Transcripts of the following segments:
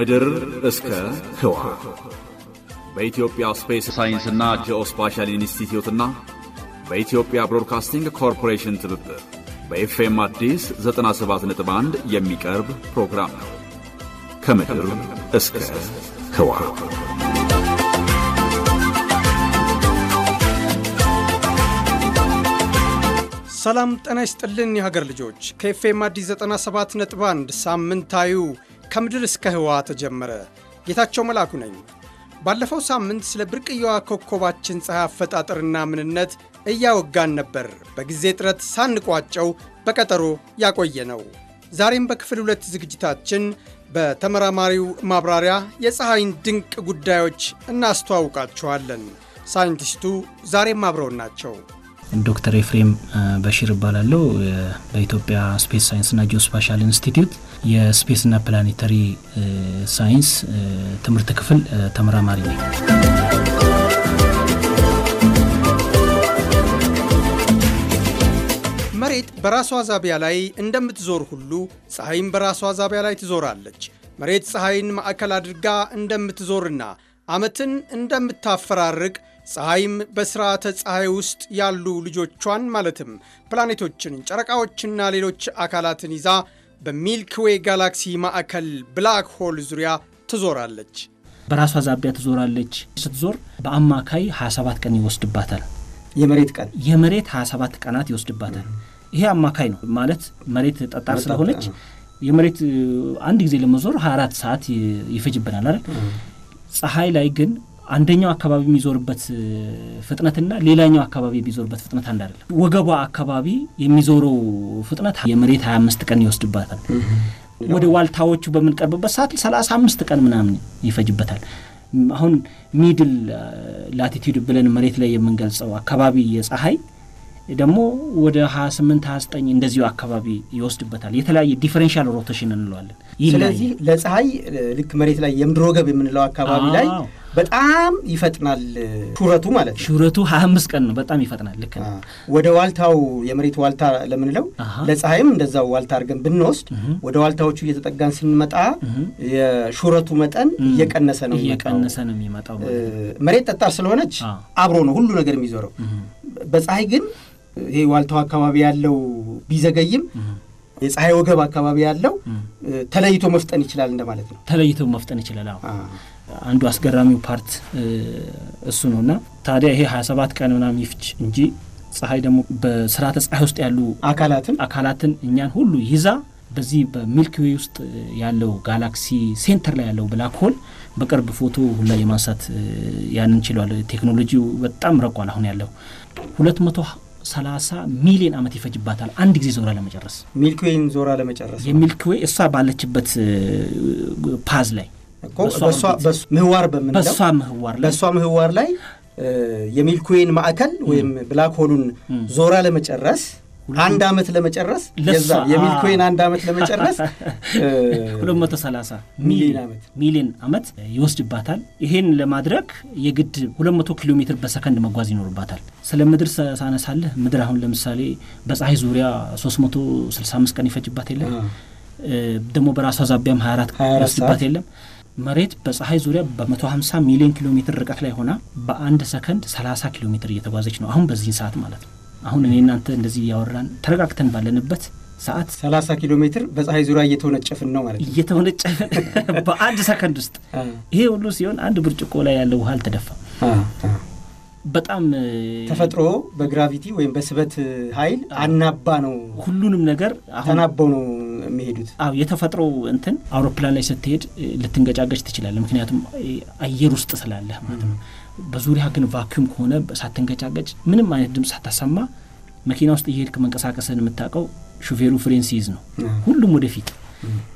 ከምድር እስከ ህዋ በኢትዮጵያ ስፔስ ሳይንስና ጂኦስፓሻል ኢንስቲትዩትና በኢትዮጵያ ብሮድካስቲንግ ኮርፖሬሽን ትብብር በኤፍኤም አዲስ 97.1 የሚቀርብ ፕሮግራም ነው። ከምድር እስከ ህዋ ሰላም ጤና ይስጥልን። የሀገር ልጆች ከኤፍኤም አዲስ 97.1 ሳምንታዩ ከምድር እስከ ህዋ ተጀመረ። ጌታቸው መላኩ ነኝ። ባለፈው ሳምንት ስለ ብርቅየዋ ኮከባችን ፀሐይ አፈጣጠርና ምንነት እያወጋን ነበር። በጊዜ ጥረት ሳንቋጨው በቀጠሮ ያቆየ ነው። ዛሬም በክፍል ሁለት ዝግጅታችን በተመራማሪው ማብራሪያ የፀሐይን ድንቅ ጉዳዮች እናስተዋውቃችኋለን። ሳይንቲስቱ ዛሬም አብረውን ናቸው። ዶክተር ኤፍሬም በሺር እባላለሁ። በኢትዮጵያ ስፔስ ሳይንስና ጂኦስፓሻል ኢንስቲትዩት የስፔስና ፕላኔተሪ ሳይንስ ትምህርት ክፍል ተመራማሪ ነኝ። መሬት በራሷ ዛቢያ ላይ እንደምትዞር ሁሉ ፀሐይም በራሷ ዛቢያ ላይ ትዞራለች። መሬት ፀሐይን ማዕከል አድርጋ እንደምትዞርና አመትን እንደምታፈራርቅ ፀሐይም በስርዓተ ፀሐይ ውስጥ ያሉ ልጆቿን ማለትም ፕላኔቶችን፣ ጨረቃዎችና ሌሎች አካላትን ይዛ በሚልክዌይ ጋላክሲ ማዕከል ብላክ ሆል ዙሪያ ትዞራለች። በራሷ ዛቢያ ትዞራለች። ስትዞር በአማካይ 27 ቀን ይወስድባታል። የመሬት ቀን የመሬት 27 ቀናት ይወስድባታል። ይሄ አማካይ ነው ማለት መሬት ጠጣር ስለሆነች የመሬት አንድ ጊዜ ለመዞር 24 ሰዓት ይፈጅብናል አይደል? ፀሐይ ላይ ግን አንደኛው አካባቢ የሚዞርበት ፍጥነትና ሌላኛው አካባቢ የሚዞርበት ፍጥነት አንድ አይደለም። ወገቧ አካባቢ የሚዞረው ፍጥነት የመሬት 25 ቀን ይወስድባታል። ወደ ዋልታዎቹ በምንቀርብበት ሰዓት 35 ቀን ምናምን ይፈጅበታል። አሁን ሚድል ላቲቲዩድ ብለን መሬት ላይ የምንገልጸው አካባቢ የፀሐይ ደግሞ ወደ 28 29 እንደዚሁ አካባቢ ይወስድበታል። የተለያየ ዲፈረንሻል ሮቴሽን እንለዋለን። ስለዚህ ለፀሐይ ልክ መሬት ላይ የምድር ወገብ የምንለው አካባቢ ላይ በጣም ይፈጥናል ሹረቱ ማለት ነው። ሹረቱ ሀያ አምስት ቀን ነው። በጣም ይፈጥናል። ልክ ነው። ወደ ዋልታው የመሬት ዋልታ ለምንለው ለፀሐይም እንደዛው ዋልታ አድርገን ብንወስድ ወደ ዋልታዎቹ እየተጠጋን ስንመጣ የሹረቱ መጠን እየቀነሰ ነው እየቀነሰ ነው የሚመጣው። መሬት ጠጣር ስለሆነች አብሮ ነው ሁሉ ነገር የሚዞረው። በፀሐይ ግን ይሄ ዋልታው አካባቢ ያለው ቢዘገይም የፀሐይ ወገብ አካባቢ ያለው ተለይቶ መፍጠን ይችላል እንደማለት ነው። ተለይቶ መፍጠን ይችላል። አዎ አንዱ አስገራሚው ፓርት እሱ ነው እና ታዲያ ይሄ 27 ቀን ምናምን ይፍች እንጂ ፀሐይ ደግሞ በስርዓተ ፀሐይ ውስጥ ያሉ አካላትን አካላትን እኛን ሁሉ ይዛ በዚህ በሚልኪዌይ ውስጥ ያለው ጋላክሲ ሴንተር ላይ ያለው ብላክ ሆል በቅርብ ፎቶ ሁላ የማንሳት ያንን ችሏል። ቴክኖሎጂው በጣም ረቋል። አሁን ያለው ሁለት መቶ ሰላሳ ሚሊዮን ዓመት ይፈጅባታል አንድ ጊዜ ዞራ ለመጨረስ ሚልክዌይን ዞራ ለመጨረስ የሚልክዌይ እሷ ባለችበት ፓዝ ላይ ምህዋር በምንለው በእሷ ምህዋር ላይ የሚልኩዌን ማዕከል ወይም ብላክ ሆሉን ዞራ ለመጨረስ አንድ አመት ለመጨረስ ዛ የሚልኩዌን አንድ አመት ለመጨረስ 230 ሚሊዮን አመት ይወስድባታል። ይሄን ለማድረግ የግድ 200 ኪሎ ሜትር በሰከንድ መጓዝ ይኖርባታል። ስለ ምድር ሳነሳለህ ምድር አሁን ለምሳሌ በፀሐይ ዙሪያ 365 ቀን ይፈጅባት የለም ደግሞ በራሷ ዛቢያም 24 ይወስድባት የለም መሬት በፀሐይ ዙሪያ በ150 ሚሊዮን ኪሎ ሜትር ርቀት ላይ ሆና በአንድ ሰከንድ 30 ኪሎ ሜትር እየተጓዘች ነው። አሁን በዚህ ሰዓት ማለት ነው። አሁን እኔ እናንተ እንደዚህ እያወራን ተረጋግተን ባለንበት ሰዓት 30 ኪሎ ሜትር በፀሐይ ዙሪያ እየተወነጨፍን ነው ማለት ነው። እየተወነጨፍን በአንድ ሰከንድ ውስጥ ይሄ ሁሉ ሲሆን አንድ ብርጭቆ ላይ ያለ ውሃ አልተደፋም። በጣም ተፈጥሮ በግራቪቲ ወይም በስበት ኃይል አናባ ነው ሁሉንም ነገር ተናበው ነው የሚሄዱት። አዎ የተፈጥሮ እንትን አውሮፕላን ላይ ስትሄድ ልትንገጫገጭ ትችላለህ፣ ምክንያቱም አየር ውስጥ ስላለህ ማለት ነው። በዙሪያ ግን ቫኪዩም ከሆነ ሳትንገጫገጭ ምንም አይነት ድምፅ ሳታሰማ መኪና ውስጥ እየሄድክ መንቀሳቀስን የምታውቀው ሹፌሩ ፍሬን ሲይዝ ነው። ሁሉም ወደፊት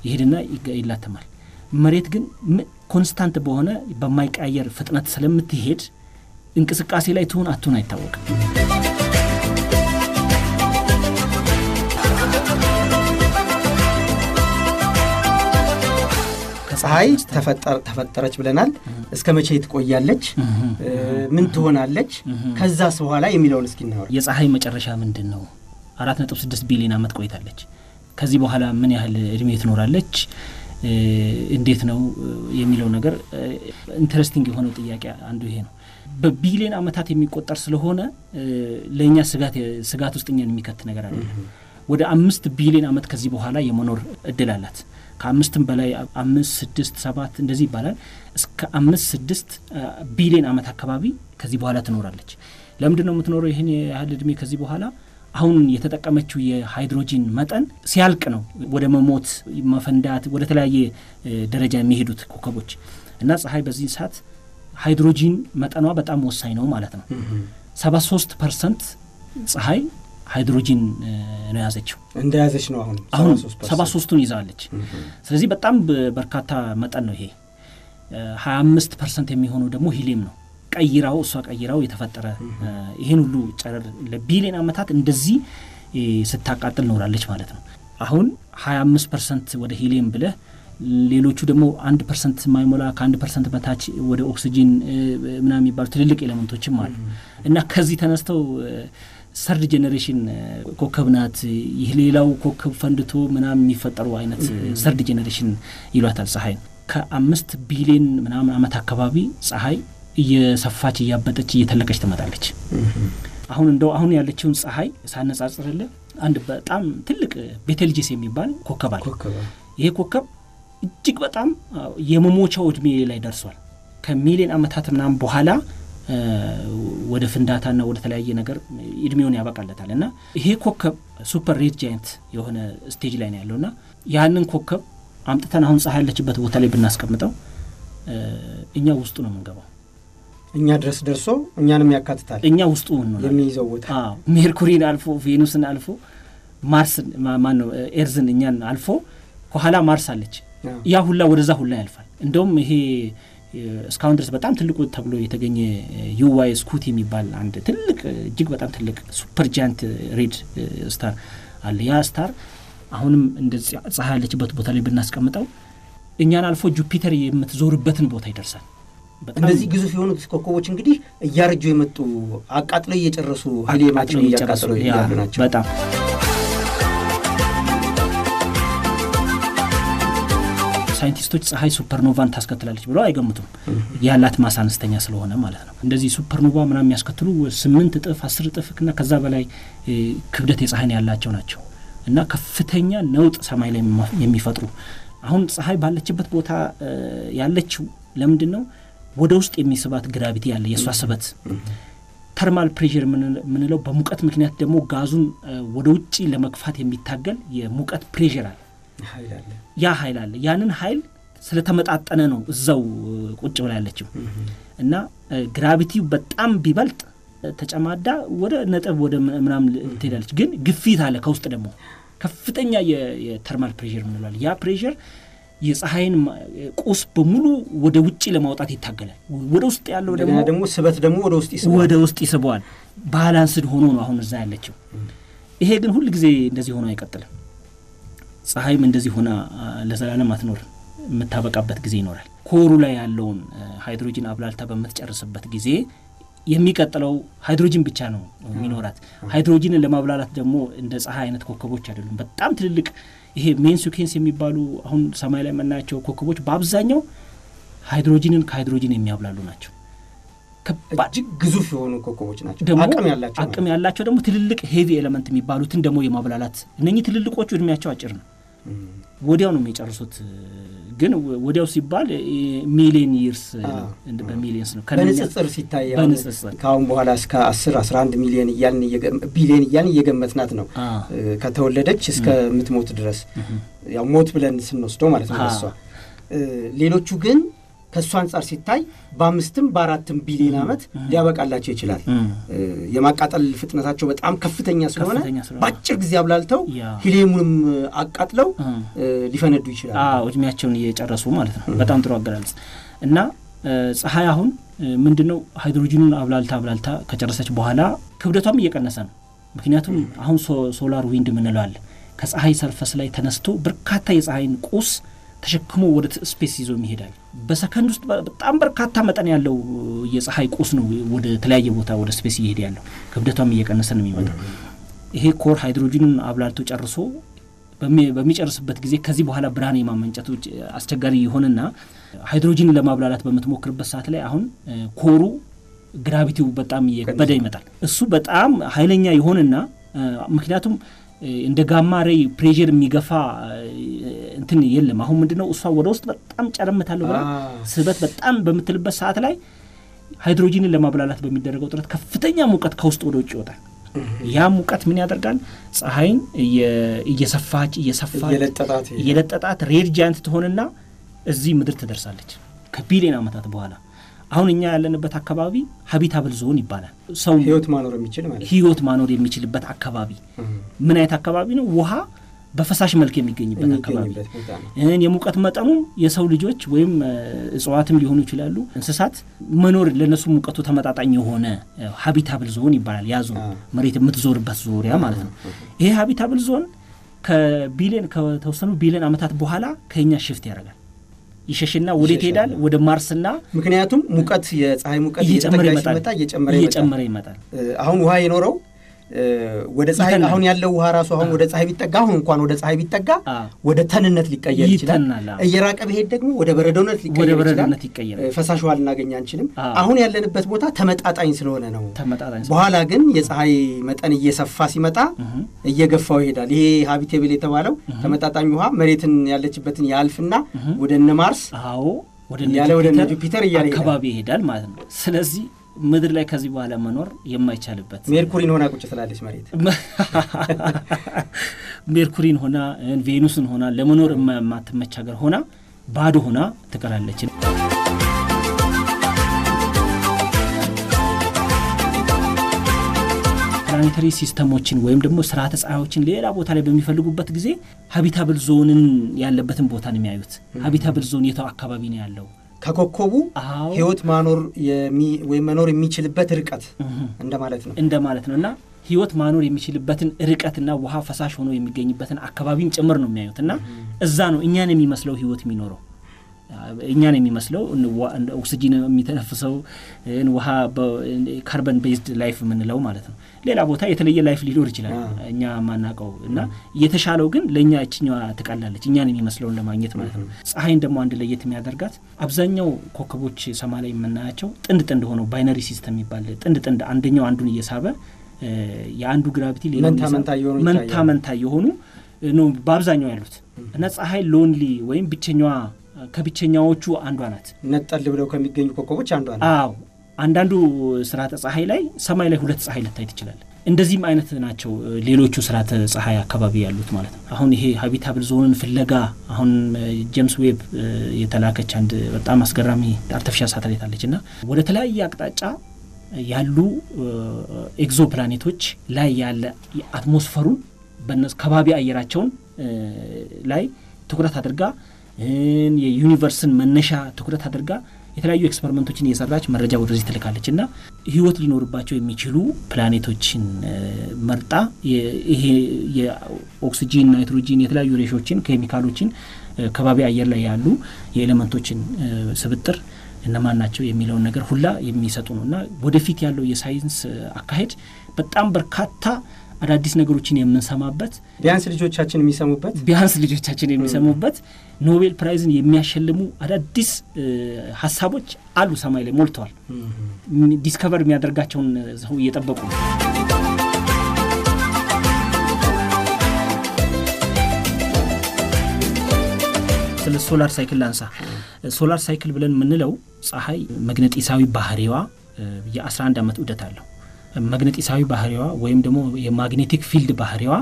ይሄድና ይላተማል። መሬት ግን ኮንስታንት በሆነ በማይቀያየር ፍጥነት ስለምትሄድ እንቅስቃሴ ላይ ትሆን አትሆን አይታወቅም። ፀሐይ ተፈጠረች ብለናል። እስከ መቼ ትቆያለች? ምን ትሆናለች? ከዛስ በኋላ የሚለውን እስኪ የፀሐይ መጨረሻ ምንድን ነው? አራት ነጥብ ስድስት ቢሊዮን አመት ቆይታለች። ከዚህ በኋላ ምን ያህል እድሜ ትኖራለች? እንዴት ነው የሚለው ነገር ኢንተረስቲንግ የሆነው ጥያቄ አንዱ ይሄ ነው። በቢሊዮን አመታት የሚቆጠር ስለሆነ ለእኛ ስጋት ውስጥ እኛን የሚከት ነገር አለ። ወደ አምስት ቢሊዮን ዓመት ከዚህ በኋላ የመኖር እድል አላት። ከአምስትም በላይ አምስት ስድስት ሰባት እንደዚህ ይባላል እስከ አምስት ስድስት ቢሊዮን ዓመት አካባቢ ከዚህ በኋላ ትኖራለች። ለምንድን ነው የምትኖረው ይህን ያህል እድሜ ከዚህ በኋላ? አሁን የተጠቀመችው የሃይድሮጂን መጠን ሲያልቅ ነው ወደ መሞት መፈንዳት፣ ወደ ተለያየ ደረጃ የሚሄዱት ኮከቦች እና ፀሐይ በዚህ ሰዓት ሃይድሮጂን መጠኗ በጣም ወሳኝ ነው ማለት ነው። ሰባ ሶስት ፐርሰንት ፀሐይ ሃይድሮጂን ነው የያዘችው እንደያዘች ነው አሁን አሁን ሰባ ሶስቱን ይዛለች። ስለዚህ በጣም በርካታ መጠን ነው ይሄ። ሀያ አምስት ፐርሰንት የሚሆነው ደግሞ ሂሌም ነው ቀይራው እሷ ቀይራው የተፈጠረ ይሄን ሁሉ ጨረር ለቢሊዮን ዓመታት እንደዚህ ስታቃጥል ኖራለች ማለት ነው። አሁን ሀያ አምስት ፐርሰንት ወደ ሂሌም ብለህ ሌሎቹ ደግሞ አንድ ፐርሰንት ማይሞላ ከአንድ ፐርሰንት በታች ወደ ኦክሲጂን ምና የሚባሉ ትልልቅ ኤለመንቶችም አሉ እና ከዚህ ተነስተው ሰርድ ጄኔሬሽን uh, ኮከብ ናት። ይህ ሌላው ኮከብ ፈንድቶ ምናም የሚፈጠሩ አይነት ሰርድ ጄኔሬሽን uh, ይሏታል። ፀሐይ ከአምስት ቢሊዮን ምናምን አመት አካባቢ ፀሐይ እየሰፋች እያበጠች እየተለቀች ትመጣለች። አሁን እንደው አሁን ያለችውን ፀሐይ ሳነጻጽርልህ አንድ በጣም ትልቅ ቤተልጅስ የሚባል ኮከብ አለ። ይሄ ኮከብ እጅግ በጣም የመሞቻው እድሜ ላይ ደርሷል። ከሚሊዮን ዓመታት ምናምን በኋላ ወደ ፍንዳታና ወደ ተለያየ ነገር እድሜውን ያበቃለታል እና ይሄ ኮከብ ሱፐር ሬድ ጃይንት የሆነ ስቴጅ ላይ ነው ያለው ና ያንን ኮከብ አምጥተን አሁን ፀሐይ ያለችበት ቦታ ላይ ብናስቀምጠው እኛ ውስጡ ነው የምንገባው። እኛ ድረስ ደርሶ እኛንም ያካትታል። እኛ ውስጡ የሚይዘው ቦታ ሜርኩሪን አልፎ ቬኑስን አልፎ ማርስን ማነው ኤርዝን እኛን አልፎ ከኋላ ማርስ አለች። ያ ሁላ ወደዛ ሁላ ያልፋል። እንደውም ይሄ እስካሁን ድረስ በጣም ትልቁ ተብሎ የተገኘ ዩዋይ ስኩት የሚባል አንድ ትልቅ እጅግ በጣም ትልቅ ሱፐር ጃንት ሬድ ስታር አለ። ያ ስታር አሁንም እንደ ፀሐይ ያለችበት ቦታ ላይ ብናስቀምጠው እኛን አልፎ ጁፒተር የምትዞርበትን ቦታ ይደርሳል። እነዚህ ግዙፍ የሆኑት ኮከቦች እንግዲህ እያረጁ የመጡ አቃጥለው እየጨረሱ ማቸው ኃይል ናቸው። በጣም ሳይንቲስቶች ፀሐይ ሱፐርኖቫን ታስከትላለች ብለው አይገምቱም። ያላት ማሳ አነስተኛ ስለሆነ ማለት ነው። እንደዚህ ሱፐርኖቫ ምናምን የሚያስከትሉ ስምንት እጥፍ አስር እጥፍ እና ከዛ በላይ ክብደት የፀሐይን ያላቸው ናቸው እና ከፍተኛ ነውጥ ሰማይ ላይ የሚፈጥሩ አሁን ፀሐይ ባለችበት ቦታ ያለችው ለምንድን ነው ወደ ውስጥ የሚስባት ግራቪቲ ያለ የእሷ ስበት ተርማል ፕሬር የምንለው በሙቀት ምክንያት ደግሞ ጋዙን ወደ ውጭ ለመግፋት የሚታገል የሙቀት ፕሬር አለ ያ ኃይል አለ። ያንን ኃይል ስለተመጣጠነ ነው እዛው ቁጭ ብላ ያለችው እና ግራቪቲው በጣም ቢበልጥ ተጨማዳ ወደ ነጥብ ወደ ምናምን ትሄዳለች። ግን ግፊት አለ ከውስጥ ደግሞ ከፍተኛ የተርማል ፕሬር ምንለል ያ ፕሬር የፀሐይን ቁስ በሙሉ ወደ ውጭ ለማውጣት ይታገላል። ወደ ውስጥ ያለው ደግሞ ስበት ደግሞ ወደ ውስጥ ይስበዋል፣ ወደ ውስጥ ይስበዋል። ባላንስድ ሆኖ ነው አሁን እዛ ያለችው። ይሄ ግን ሁል ጊዜ እንደዚህ ሆኖ አይቀጥልም። ፀሐይም እንደዚህ ሆና ለዘላለም አትኖር፣ የምታበቃበት ጊዜ ይኖራል። ኮሩ ላይ ያለውን ሃይድሮጂን አብላልታ በምትጨርስበት ጊዜ የሚቀጥለው ሃይድሮጂን ብቻ ነው የሚኖራት። ሃይድሮጂንን ለማብላላት ደግሞ እንደ ፀሐይ አይነት ኮከቦች አይደሉም። በጣም ትልልቅ ይሄ ሜን ሱኬንስ የሚባሉ አሁን ሰማይ ላይ የምናያቸው ኮከቦች በአብዛኛው ሃይድሮጂንን ከሃይድሮጂን የሚያብላሉ ናቸው። እጅግ ግዙፍ የሆኑ ኮከቦች ናቸው። ደግሞ አቅም ያላቸው ደግሞ ትልልቅ ሄቪ ኤለመንት የሚባሉትን ደግሞ የማብላላት እነኚህ ትልልቆቹ እድሜያቸው አጭር ነው። ወዲያው ነው የሚጨርሱት። ግን ወዲያው ሲባል ሚሊየን ይርስ በሚሊየንስ ነው በንጽጽር ሲታይ በንጽጽር ከአሁን በኋላ እስከ አስር አስራ አንድ ሚሊየን እያልን ቢሊየን እያልን እየገመትናት ነው ከተወለደች እስከምትሞት ድረስ ያው ሞት ብለን ስንወስደው ማለት ነው እሷ ሌሎቹ ግን ከእሱ አንጻር ሲታይ በአምስትም በአራትም ቢሊዮን ዓመት ሊያበቃላቸው ይችላል። የማቃጠል ፍጥነታቸው በጣም ከፍተኛ ስለሆነ በአጭር ጊዜ አብላልተው ሂሌሙንም አቃጥለው ሊፈነዱ ይችላል። እድሜያቸውን እየጨረሱ ማለት ነው። በጣም ጥሩ አገላለጽ እና ፀሐይ አሁን ምንድ ነው ሃይድሮጂኑን አብላልታ አብላልታ ከጨረሰች በኋላ ክብደቷም እየቀነሰ ነው። ምክንያቱም አሁን ሶላር ዊንድ ምንለዋል ከፀሐይ ሰርፈስ ላይ ተነስቶ በርካታ የፀሐይን ቁስ ተሸክሞ ወደ ስፔስ ይዞ ይሄዳል። በሰከንድ ውስጥ በጣም በርካታ መጠን ያለው የፀሐይ ቁስ ነው ወደ ተለያየ ቦታ ወደ ስፔስ እየሄደ ያለው። ክብደቷም እየቀነሰ ነው የሚመጣው። ይሄ ኮር ሃይድሮጂኑን አብላልቶ ጨርሶ በሚጨርስበት ጊዜ ከዚህ በኋላ ብርሃን የማመንጨት አስቸጋሪ ይሆንና ሃይድሮጂን ለማብላላት በምትሞክርበት ሰዓት ላይ አሁን ኮሩ ግራቪቲው በጣም እየከበደ ይመጣል። እሱ በጣም ኃይለኛ ይሆንና ምክንያቱም እንደ ጋማ ሬይ ፕሬር የሚገፋ እንትን የለም። አሁን ምንድነው እሷ ወደ ውስጥ በጣም ጨረምታለሁ ብላ ስበት በጣም በምትልበት ሰዓት ላይ ሃይድሮጂንን ለማብላላት በሚደረገው ጥረት ከፍተኛ ሙቀት ከውስጥ ወደ ውጭ ይወጣል። ያ ሙቀት ምን ያደርጋል? ፀሐይን እየሰፋች እየሰፋች እየለጠጣት ሬድ ጃንት ትሆንና እዚህ ምድር ትደርሳለች ከቢሊዮን ዓመታት በኋላ አሁን እኛ ያለንበት አካባቢ ሀቢታብል ዞን ይባላል። ሰው ህይወት ማኖር የሚችል ማለት ህይወት ማኖር የሚችልበት አካባቢ ምን አይነት አካባቢ ነው? ውሃ በፈሳሽ መልክ የሚገኝበት አካባቢ ይህን የሙቀት መጠኑ የሰው ልጆች ወይም እጽዋትም ሊሆኑ ይችላሉ እንስሳት መኖር ለእነሱ ሙቀቱ ተመጣጣኝ የሆነ ሀቢታብል ዞን ይባላል። ያ ዞን መሬት የምትዞርበት ዙሪያ ማለት ነው። ይሄ ሀቢታብል ዞን ከቢሊዮን ከተወሰኑ ቢሊዮን ዓመታት በኋላ ከኛ ሽፍት ያደርጋል። ይሸሽና ወደ ይሄዳል? ወደ ማርስና ምክንያቱም ሙቀት የፀሐይ ሙቀት እየጨመረ ይመጣል። አሁን ውሃ የኖረው ወደ ፀሐይ አሁን ያለው ውሃ ራሱ አሁን ወደ ፀሐይ ቢጠጋ አሁን እንኳን ወደ ፀሐይ ቢጠጋ ወደ ተንነት ሊቀየር ይችላል። እየራቀ ብሄድ ደግሞ ወደ በረዶነት ሊቀየር ይችላል። ፈሳሽ ውሃ ልናገኝ አንችልም። አሁን ያለንበት ቦታ ተመጣጣኝ ስለሆነ ነው። በኋላ ግን የፀሐይ መጠን እየሰፋ ሲመጣ እየገፋው ይሄዳል። ይሄ ሀቢቴብል የተባለው ተመጣጣኝ ውሃ መሬትን ያለችበትን ያልፍና ወደ እነ ማርስ ያለ ወደ እነ ጁፒተር እያለ አካባቢ ይሄዳል ማለት ነው። ስለዚህ ምድር ላይ ከዚህ በኋላ መኖር የማይቻልበት ሜርኩሪን ሆና ቁጭ ስላለች መሬት ሜርኩሪን ሆና ቬኑስን ሆና ለመኖር የማትመች ሀገር ሆና ባዶ ሆና ትቀራለች። ፕላኔተሪ ሲስተሞችን ወይም ደግሞ ስርዓተ ፀሐዮችን ሌላ ቦታ ላይ በሚፈልጉበት ጊዜ ሀቢታብል ዞንን ያለበትን ቦታ ነው የሚያዩት። ሀቢታብል ዞን የተው አካባቢ ነው ያለው ከኮከቡ ህይወት ማኖር ወይም መኖር የሚችልበት ርቀት እንደማለት ነው እንደማለት ነው እና ህይወት ማኖር የሚችልበትን ርቀትና ውሃ ፈሳሽ ሆኖ የሚገኝበትን አካባቢን ጭምር ነው የሚያዩት እና እዛ ነው እኛን የሚመስለው ህይወት የሚኖረው እኛን የሚመስለው ኦክስጂን የሚተነፍሰው ውሃ ካርበን ቤዝድ ላይፍ የምንለው ማለት ነው። ሌላ ቦታ የተለየ ላይፍ ሊኖር ይችላል እኛ ማናቀው እና የተሻለው ግን ለእኛ እችኛ ትቀላለች እኛን የሚመስለውን ለማግኘት ማለት ነው። ፀሐይን ደግሞ አንድ ለየት የሚያደርጋት አብዛኛው ኮከቦች ሰማ ላይ የምናያቸው ጥንድ ጥንድ ሆነው ባይነሪ ሲስተም የሚባል ጥንድ ጥንድ አንደኛው አንዱን እየሳበ የአንዱ ግራቪቲ መንታ መንታ የሆኑ ነው በአብዛኛው ያሉት እና ፀሐይ ሎንሊ ወይም ብቸኛዋ ከብቸኛዎቹ አንዷ ናት። ነጠል ብለው ከሚገኙ ኮከቦች አንዷ ናት። አዎ አንዳንዱ ስርዓተ ፀሐይ ላይ ሰማይ ላይ ሁለት ፀሐይ ልታይ ትችላል። እንደዚህም አይነት ናቸው ሌሎቹ ስርዓተ ፀሐይ አካባቢ ያሉት ማለት ነው። አሁን ይሄ ሀቢታብል ዞንን ፍለጋ አሁን ጄምስ ዌብ የተላከች አንድ በጣም አስገራሚ አርተፊሻል ሳተላይት አለች እና ወደ ተለያየ አቅጣጫ ያሉ ኤግዞ ፕላኔቶች ላይ ያለ አትሞስፈሩን ከባቢ አየራቸውን ላይ ትኩረት አድርጋ የዩኒቨርስን መነሻ ትኩረት አድርጋ የተለያዩ ኤክስፐሪመንቶችን እየሰራች መረጃ ወደዚህ ትልካለች እና ህይወት ሊኖርባቸው የሚችሉ ፕላኔቶችን መርጣ ይሄ የኦክሲጂን፣ ናይትሮጂን የተለያዩ ሬሾችን፣ ኬሚካሎችን ከባቢ አየር ላይ ያሉ የኤሌመንቶችን ስብጥር እነማን ናቸው የሚለውን ነገር ሁላ የሚሰጡ ነው እና ወደፊት ያለው የሳይንስ አካሄድ በጣም በርካታ አዳዲስ ነገሮችን የምንሰማበት ቢያንስ ልጆቻችን የሚሰሙበት ቢያንስ ልጆቻችን የሚሰሙበት ኖቤል ፕራይዝን የሚያሸልሙ አዳዲስ ሀሳቦች አሉ፣ ሰማይ ላይ ሞልተዋል። ዲስከቨር የሚያደርጋቸውን ሰው እየጠበቁ ነው። ስለ ሶላር ሳይክል ላንሳ። ሶላር ሳይክል ብለን የምንለው ፀሐይ መግነጢሳዊ ባህሪዋ የ11 ዓመት ዑደት አለው መግነጢሳዊ ባህሪዋ ወይም ደግሞ የማግኔቲክ ፊልድ ባህሪዋ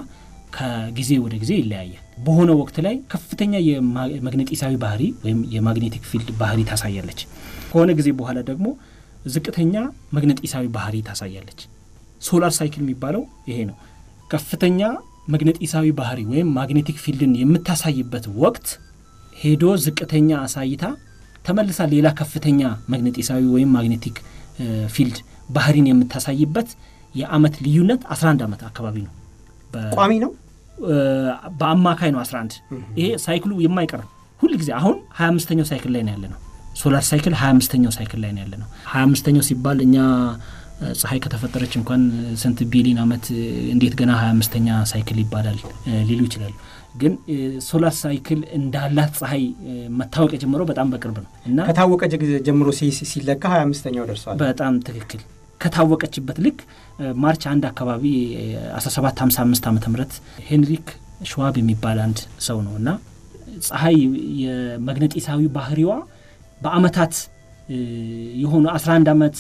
ከጊዜ ወደ ጊዜ ይለያያል። በሆነ ወቅት ላይ ከፍተኛ የመግነጢሳዊ ባህሪ ወይም የማግኔቲክ ፊልድ ባህሪ ታሳያለች። ከሆነ ጊዜ በኋላ ደግሞ ዝቅተኛ መግነጢሳዊ ባህሪ ታሳያለች። ሶላር ሳይክል የሚባለው ይሄ ነው። ከፍተኛ መግነጢሳዊ ባህሪ ወይም ማግኔቲክ ፊልድን የምታሳይበት ወቅት ሄዶ ዝቅተኛ አሳይታ ተመልሳ ሌላ ከፍተኛ መግነጢሳዊ ወይም ማግኔቲክ ፊልድ ባህሪን የምታሳይበት የአመት ልዩነት 11 ዓመት አካባቢ ነው። ቋሚ ነው፣ በአማካይ ነው 11። ይሄ ሳይክሉ የማይቀር ሁል ጊዜ አሁን 25ኛው ሳይክል ላይ ነው ያለ ነው። ሶላር ሳይክል 25ኛው ሳይክል ላይ ነው ያለ ነው። 25ኛው ሲባል እኛ ፀሐይ ከተፈጠረች እንኳን ስንት ቢሊዮን ዓመት እንዴት ገና 25ኛ ሳይክል ይባላል ሊሉ ይችላሉ። ግን ሶላር ሳይክል እንዳላት ፀሐይ መታወቅ የጀመረው በጣም በቅርብ ነው እና ከታወቀ ጀምሮ ሲለካ ሀያ አምስተኛው ደርሷል። በጣም ትክክል ከታወቀችበት ልክ ማርች አንድ አካባቢ 1755 ዓ ም ሄንሪክ ሸዋብ የሚባል አንድ ሰው ነው እና ፀሐይ የመግነጢሳዊ ባህሪዋ በአመታት የሆኑ 11 ዓመት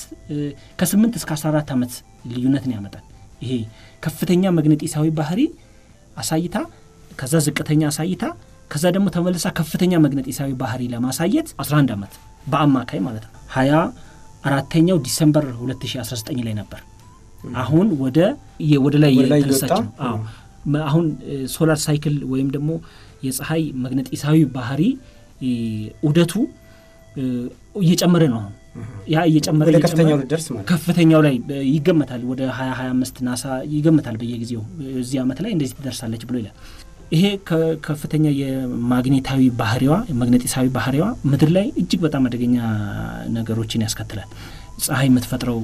ከ8 እስከ 14 ዓመት ልዩነትን ያመጣል። ይሄ ከፍተኛ መግነጢሳዊ ባህሪ አሳይታ ከዛ ዝቅተኛ አሳይታ ከዛ ደግሞ ተመልሳ ከፍተኛ መግነጢሳዊ ባህሪ ለማሳየት 11 ዓመት በአማካይ ማለት ነው። ሀያ አራተኛው ዲሰምበር 2019 ላይ ነበር። አሁን ወደ ወደ ላይ የተነሳች አሁን ሶላር ሳይክል ወይም ደግሞ የፀሐይ መግነጢሳዊ ባህሪ ውደቱ እየጨመረ ነው። አሁን ያ እየጨመረከፍተኛው ላይ ይገመታል። ወደ 2 ሀያ ናሳ ይገመታል በየጊዜው እዚህ ዓመት ላይ እንደዚህ ትደርሳለች ብሎ ይላል። ይሄ ከፍተኛ የማግኔታዊ ባህሪዋ የማግኔጢሳዊ ባህሪዋ ምድር ላይ እጅግ በጣም አደገኛ ነገሮችን ያስከትላል። ፀሐይ የምትፈጥረው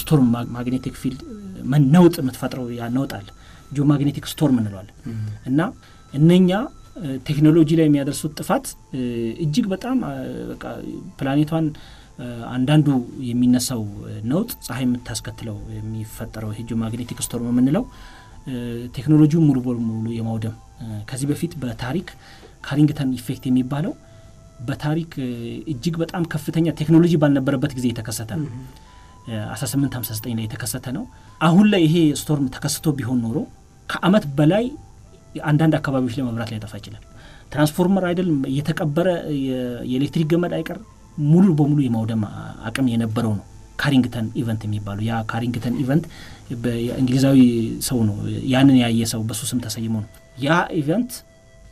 ስቶርም ማግኔቲክ ፊልድ መነውጥ የምትፈጥረው ያነውጣል ጂኦ ማግኔቲክ ስቶርም እንለዋል እና እነኛ ቴክኖሎጂ ላይ የሚያደርሱት ጥፋት እጅግ በጣም ፕላኔቷን አንዳንዱ የሚነሳው ነውጥ ፀሀይ የምታስከትለው የሚፈጠረው ጂኦ ማግኔቲክ ስቶርም የምንለው ቴክኖሎጂውን ሙሉ በሙሉ የማውደም ከዚህ በፊት በታሪክ ካሪንግተን ኢፌክት የሚባለው በታሪክ እጅግ በጣም ከፍተኛ ቴክኖሎጂ ባልነበረበት ጊዜ የተከሰተ ነው። 1859 ላይ የተከሰተ ነው። አሁን ላይ ይሄ ስቶርም ተከስቶ ቢሆን ኖሮ ከአመት በላይ አንዳንድ አካባቢዎች ላይ መብራት ጠፋ ይችላል። ትራንስፎርመር አይደለም የተቀበረ የኤሌክትሪክ ገመድ አይቀር ሙሉ በሙሉ የማውደም አቅም የነበረው ነው ካሪንግተን ኢቨንት የሚባሉ ያ ካሪንግተን ኢቨንት እንግሊዛዊ ሰው ነው ያንን ያየ ሰው በሱ ስም ተሰይሞ ነው ያ ኢቨንት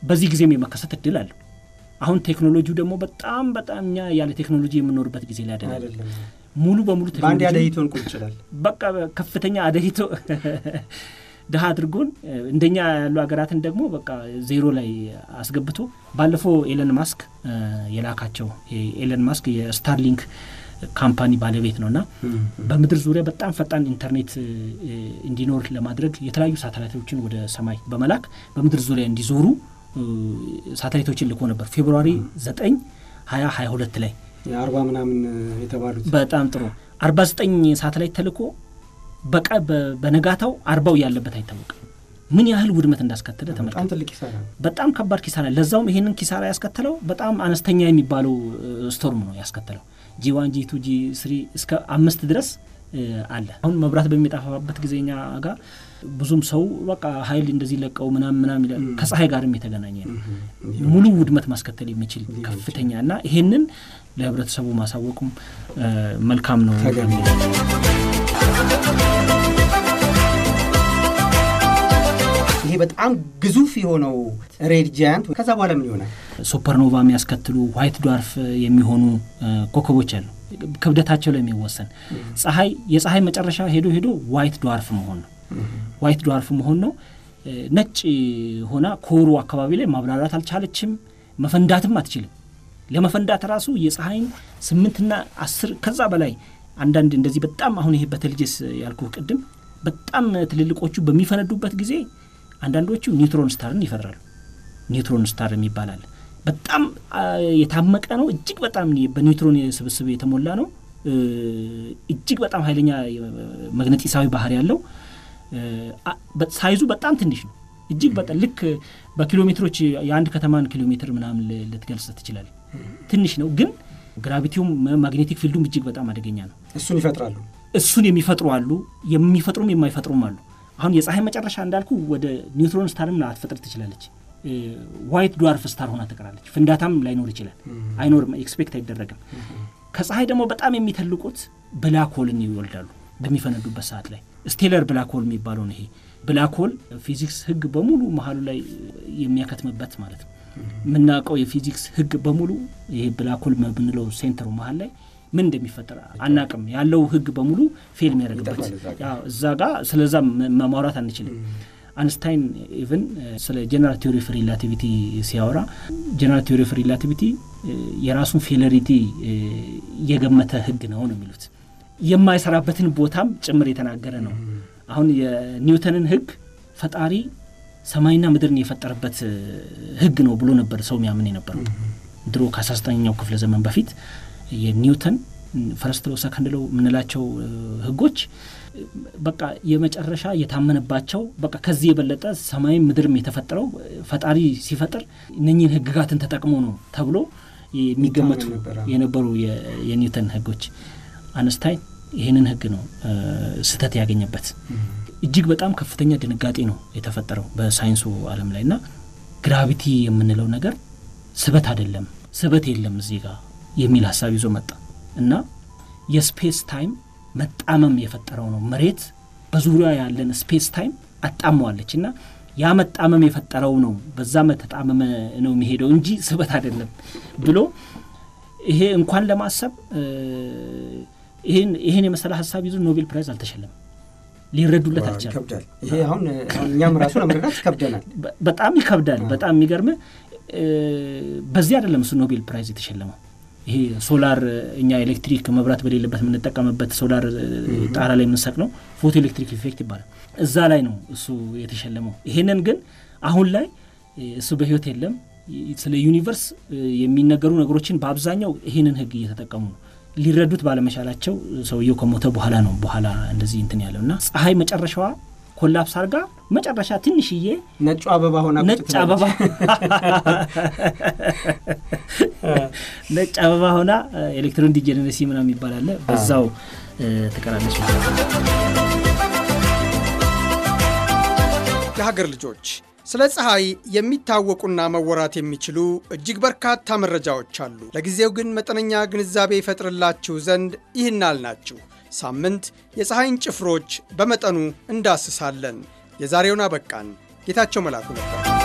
በዚህ ጊዜም የመከሰት እድል አለው። አሁን ቴክኖሎጂው ደግሞ በጣም በጣም እኛ ያለ ቴክኖሎጂ የምኖርበት ጊዜ ላይ ሙሉ በሙሉ ቴክኖሎጂ አደሂቶን ይችላል። በቃ ከፍተኛ አደሂቶ ድሀ አድርጎን እንደኛ ያሉ ሀገራትን ደግሞ በቃ ዜሮ ላይ አስገብቶ ባለፈው ኤለን ማስክ የላካቸው ኤለን ማስክ የስታርሊንክ ካምፓኒ ባለቤት ነው እና በምድር ዙሪያ በጣም ፈጣን ኢንተርኔት እንዲኖር ለማድረግ የተለያዩ ሳተላይቶችን ወደ ሰማይ በመላክ በምድር ዙሪያ እንዲዞሩ ሳተላይቶችን ልኮ ነበር ፌብሪ ዘጠኝ ሀያ ሀያ ሁለት ላይ አርባ ምናምን የተባሉት በጣም ጥሩ አርባ ዘጠኝ ሳተላይት ተልኮ በቃ በነጋታው አርባው ያለበት አይታወቅም ምን ያህል ውድመት እንዳስከተለ ተመልከት በጣም ከባድ ኪሳራ ለዛውም ይሄንን ኪሳራ ያስከተለው በጣም አነስተኛ የሚባለው ስቶርም ነው ያስከተለው ጂዋን ጂቱ ጂ ስሪ እስከ አምስት ድረስ አለ። አሁን መብራት በሚጠፋበት ጊዜ ጋር ብዙም ሰው በቃ ሀይል እንደዚህ ለቀው ምናም ምናም ይላል። ከፀሐይ ጋርም የተገናኘ ነው። ሙሉ ውድመት ማስከተል የሚችል ከፍተኛ እና ይሄንን ለህብረተሰቡ ማሳወቁም መልካም ነው። ይሄ በጣም ግዙፍ የሆነው ሬድ ጃያንት ከዛ በኋላ ምን ይሆናል? ሱፐርኖቫ የሚያስከትሉ ዋይት ዷርፍ የሚሆኑ ኮከቦች አሉ። ክብደታቸው ላይ የሚወሰን ፀሐይ የፀሐይ መጨረሻ ሄዶ ሄዶ ዋይት ዷርፍ መሆን ነው። ዋይት ዷርፍ መሆን ነው። ነጭ ሆና ኮሩ አካባቢ ላይ ማብላላት አልቻለችም። መፈንዳትም አትችልም። ለመፈንዳት ራሱ የፀሐይን ስምንትና አስር ከዛ በላይ አንዳንድ እንደዚህ በጣም አሁን ይሄ በተልጅስ ያልኩ ቅድም በጣም ትልልቆቹ በሚፈነዱበት ጊዜ አንዳንዶቹ ኒውትሮን ስታርን ይፈጥራሉ። ኒውትሮን ስታር የሚባላል በጣም የታመቀ ነው። እጅግ በጣም በኒውትሮን ስብስብ የተሞላ ነው። እጅግ በጣም ኃይለኛ መግነጢሳዊ ባህር ያለው ሳይዙ በጣም ትንሽ ነው። እጅግ በጣም ልክ በኪሎ ሜትሮች የአንድ ከተማን ኪሎ ሜትር ምናምን ልትገልጽ ትችላል። ትንሽ ነው ግን ግራቪቲውም ማግኔቲክ ፊልዱም እጅግ በጣም አደገኛ ነው። እሱን ይፈጥራሉ። እሱን የሚፈጥሩ አሉ፣ የሚፈጥሩም የማይፈጥሩም አሉ። አሁን የፀሐይ መጨረሻ እንዳልኩ ወደ ኒውትሮን ስታር ምን አትፈጥር ትችላለች። ዋይት ዱዋርፍ ስታር ሆና ትቀራለች። ፍንዳታም ላይኖር ይችላል፣ አይኖርም፣ ኤክስፔክት አይደረግም። ከፀሐይ ደግሞ በጣም የሚተልቁት ብላክ ሆልን ይወልዳሉ በሚፈነዱበት ሰዓት ላይ ስቴለር ብላክ ሆል የሚባለው ነው። ይሄ ብላክ ሆል ፊዚክስ ህግ በሙሉ መሀሉ ላይ የሚያከትምበት ማለት ነው። የምናውቀው የፊዚክስ ህግ በሙሉ ይሄ ብላክ ሆል በምንለው ሴንተሩ መሀል ላይ ምን እንደሚፈጠር አናቅም። ያለው ህግ በሙሉ ፌል የሚያደርግበት እዛ ጋ ስለዛ መማውራት አንችልም። አንስታይን ኢቨን ስለ ጀነራል ቲዮሪ ፍ ሪላቲቪቲ ሲያወራ ጀነራል ቲዮሪ ፍ ሪላቲቪቲ የራሱን ፌለሪቲ የገመተ ህግ ነው ነው የሚሉት የማይሰራበትን ቦታም ጭምር የተናገረ ነው። አሁን የኒውተንን ህግ ፈጣሪ ሰማይና ምድርን የፈጠረበት ህግ ነው ብሎ ነበር ሰው ሚያምን የነበረው ድሮ ከአስራ ዘጠነኛው ክፍለ ዘመን በፊት የኒውተን ፈረስት ሎ ሰከንድ ሎ የምንላቸው ህጎች በቃ የመጨረሻ የታመነባቸው በቃ ከዚህ የበለጠ ሰማይ ምድርም የተፈጠረው ፈጣሪ ሲፈጥር እነኚህን ህግጋትን ተጠቅሞ ነው ተብሎ የሚገመቱ የነበሩ የኒውተን ህጎች አነስታይን ይህንን ህግ ነው ስህተት ያገኘበት። እጅግ በጣም ከፍተኛ ድንጋጤ ነው የተፈጠረው በሳይንሱ አለም ላይ እና ግራቪቲ የምንለው ነገር ስበት አይደለም፣ ስበት የለም እዚህ ጋር የሚል ሀሳብ ይዞ መጣ እና የስፔስ ታይም መጣመም የፈጠረው ነው። መሬት በዙሪያ ያለን ስፔስ ታይም አጣመዋለች እና ያ መጣመም የፈጠረው ነው። በዛ መተጣመመ ነው የሚሄደው እንጂ ስበት አይደለም ብሎ ይሄ እንኳን ለማሰብ ይህን የመሰለ ሀሳብ ይዞ ኖቤል ፕራይዝ አልተሸለም። ሊረዱለት አልቻለም። ይሄ አሁን እኛም ራሱ ለመረዳት ይከብደናል። በጣም ይከብዳል። በጣም የሚገርም በዚህ አይደለም እሱ ኖቤል ፕራይዝ የተሸለመው ይሄ ሶላር እኛ ኤሌክትሪክ መብራት በሌለበት የምንጠቀምበት ሶላር ጣራ ላይ የምንሰቅ ነው ፎቶ ኤሌክትሪክ ኢፌክት ይባላል። እዛ ላይ ነው እሱ የተሸለመው። ይሄንን ግን አሁን ላይ እሱ በህይወት የለም። ስለ ዩኒቨርስ የሚነገሩ ነገሮችን በአብዛኛው ይሄንን ህግ እየተጠቀሙ ነው። ሊረዱት ባለመቻላቸው ሰውየው ከሞተ በኋላ ነው በኋላ እንደዚህ እንትን ያለው እና ፀሐይ መጨረሻዋ ኮላፕስ አርጋ መጨረሻ ትንሽዬ ነጩ አበባ ሆና ነጭ አበባ ነጭ አበባ ሆና ኤሌክትሮን ዲጀነረሲ ምና ይባላለ በዛው ተቀራለች። የሀገር ልጆች ስለ ፀሐይ የሚታወቁና መወራት የሚችሉ እጅግ በርካታ መረጃዎች አሉ። ለጊዜው ግን መጠነኛ ግንዛቤ ይፈጥርላችሁ ዘንድ ይህናል ናችሁ ሳምንት የፀሐይን ጭፍሮች በመጠኑ እንዳስሳለን። የዛሬውን አበቃን። ጌታቸው መላኩ ነበር።